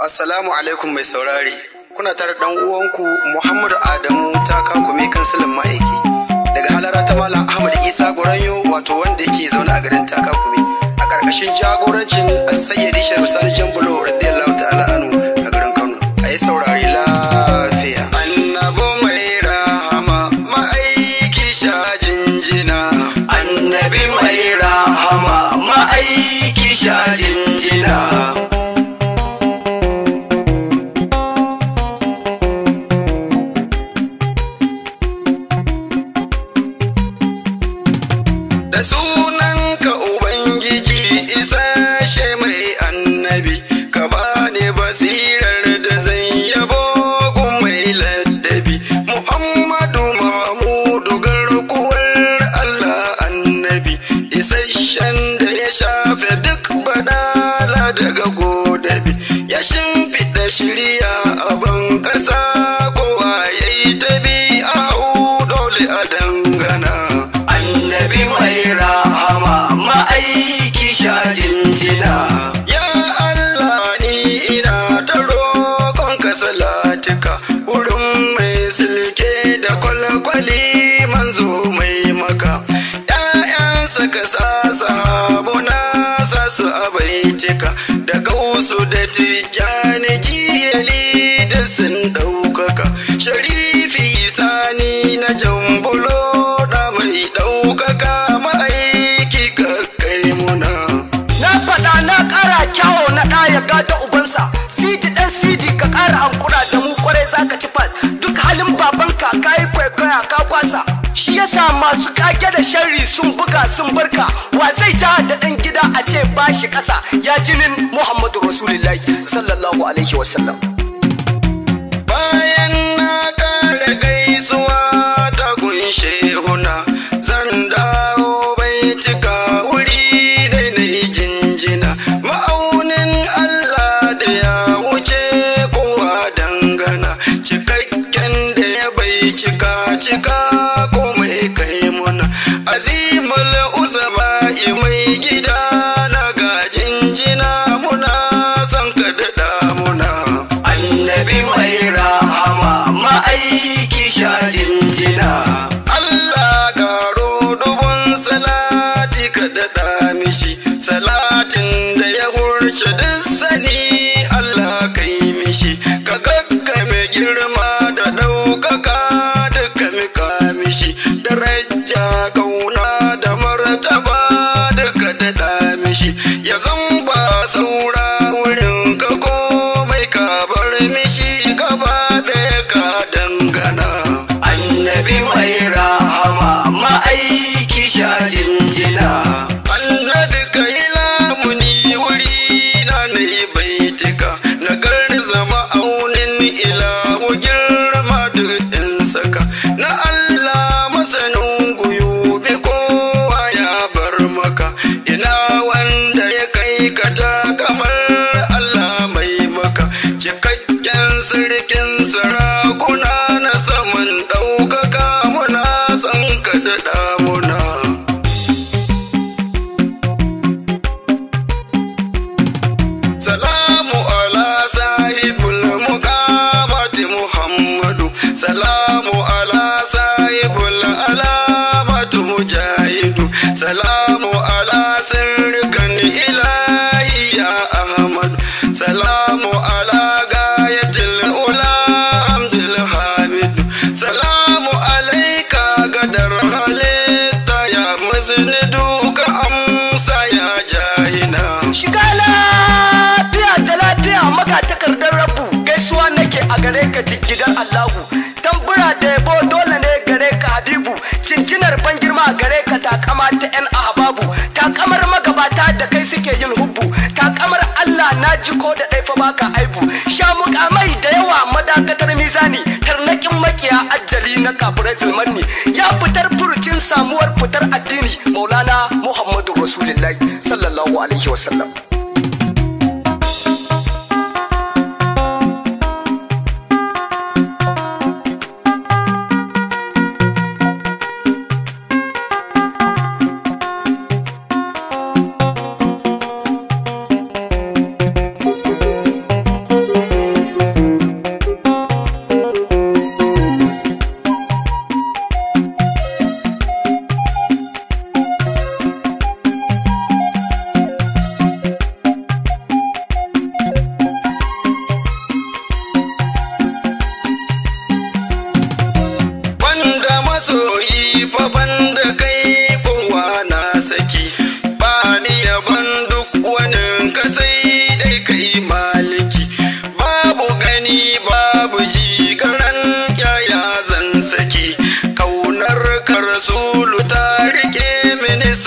Assalamu alaikum mai saurari. Kuna tare dan uwanku Muhammadu Adamu ta mai kansilin ma'aiki. Daga halara ta Malam Ahmad Isa Goranyo wato wanda yake zaune a garin Takakume. A ƙarƙashin jagorancin Sayyidi Sharif Sani Jambulo radiyallahu ta'ala anu a garin Kano. A saurari lafiya. Annabi mai rahama ma'aiki sha jinjina. Annabi mai rahama ma'aiki sha jinjina. shirya abin ƙasa. sharifi sani na jambulo da mai ɗaukaka ki kakkai muna na faɗa na ƙara kyawo na ya gada ubansa sidi ɗan sidi ka ƙara hankura da mu kwarai zaka ci fas duk halin babanka ka yi kwaikwaya ka kwasa shi yasa masu kage da sharri sun buga sun barka wa zai ja da ɗan gida a ce bashi shi ƙasa ya jinin muhammadu rasulullahi sallallahu alaihi wasallam salamu ala sahibul muqamati muhammadu salamu ala sahibul alamatu mujahidu salamu ala sirrikan ilahi ya ahmadu salamu ala gayatil ula hamdul hamidu salamu alaika gadar halitta ya Allahu tambura da yabo dole ne gare ka Habibu cincinar ban girma gare ka takama ta yan ahbabu takamar magabata da kai suke yin hubbu takamar Allah na ji ko da ɗaifa baka aibu sha mai da yawa madakatar mizani tarnakin makiya ajali na kafirai filmanni ya fitar furucin samuwar fitar addini maulana muhammadu rasulullahi sallallahu alaihi wasallam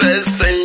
say.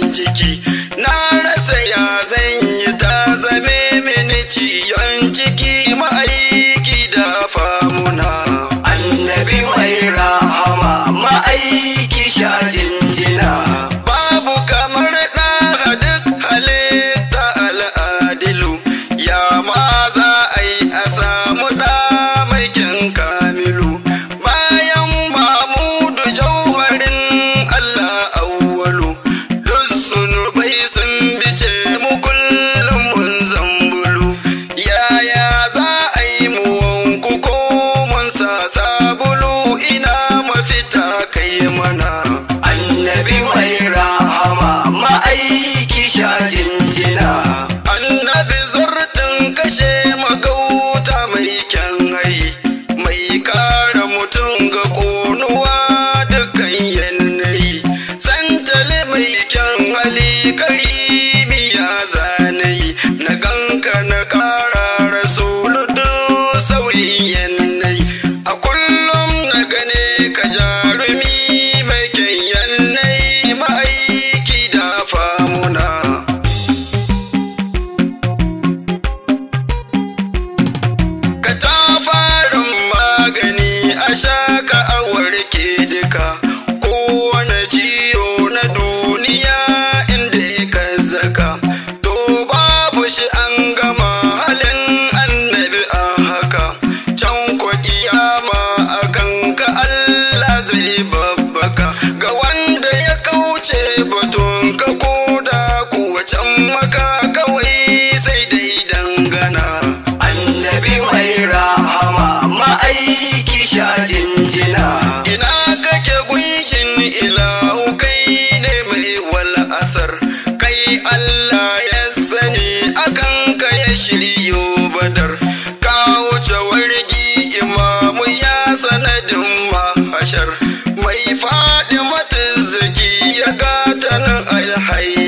high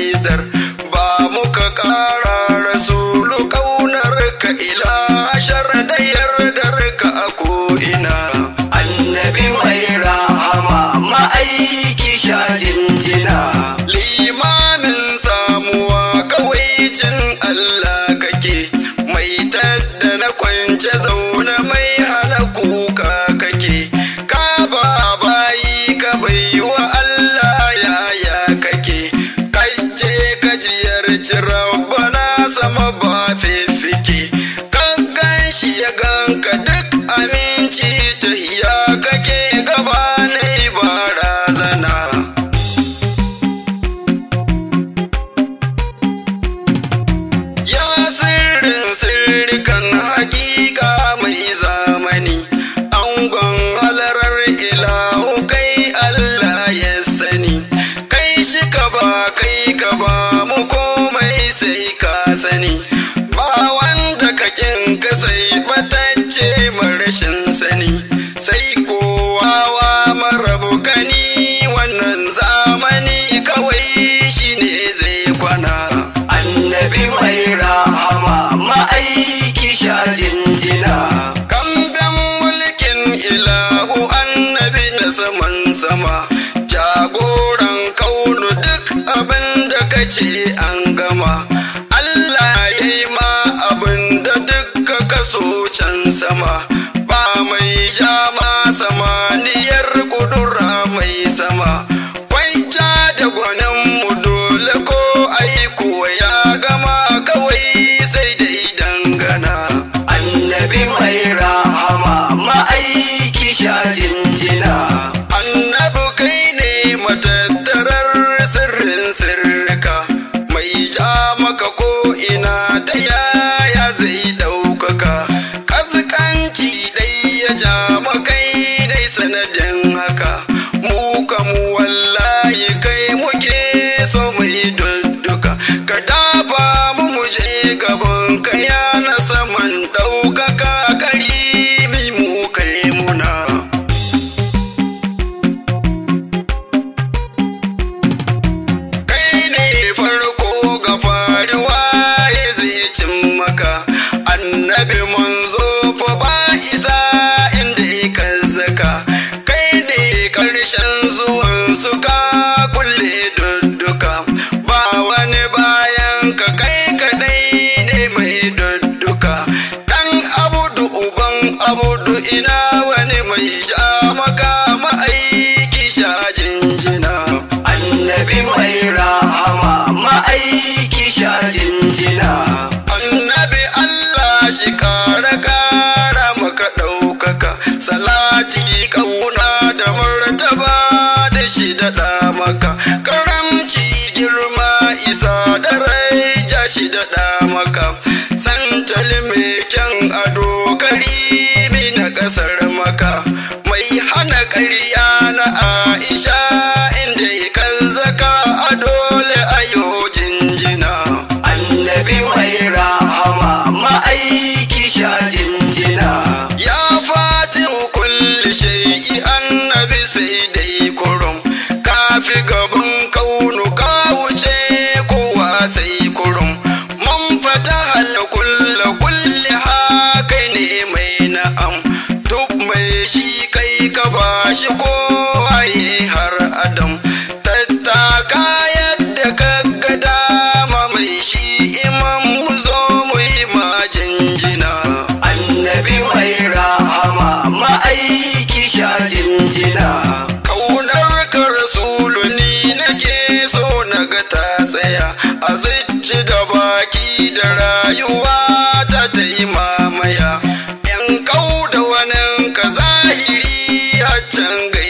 marashin rashin sani sai kowawa marabu gani wannan zamani kawai shi ne zai kwana annabi mai rahama ma'aiki sha jinjina kamdan mulkin ilahu annabi na saman sama jagoran kaunu duk abin da kace an gama Allah ya yi ma can sama ba mai jama samaniyar kudura mai sama ja da gwanin mu dole ko aiko ya gama kawai sai da dangana annabi mai rahama ma'aiki sha jinjina annabi kai ne matattarar sirrin sirrika mai ja maka ko ina ta yaya zai shi dai ya ja makai dai sanadin haka amudu ina wani mai sha maka? Ma'aiki sha jinjina annabi mai rahama ma'aiki sha jinjina annabi allah shi kara kara maka ɗaukaka salati kauna da martaba da shi daɗa maka karamci girma isa da rai ja shi daɗa maka santal mai kyan ado karimi na ƙasar maka mai hana ƙarya na aisha inda kan zaka a dole ayo jinjina annabi mai rahama ma'aiki sha jinjina ya fatin kulle shai'i annabi sai dai raba shi ko waye har adam tattaka yadda kaga dama mai shi imam mu zo mu yi majinjina annabi mai rahama aiki sha jinjina kaunar ka rasulu ni nake so na ga ta tsaya a zuci da baki da rayuwa ta taimaka can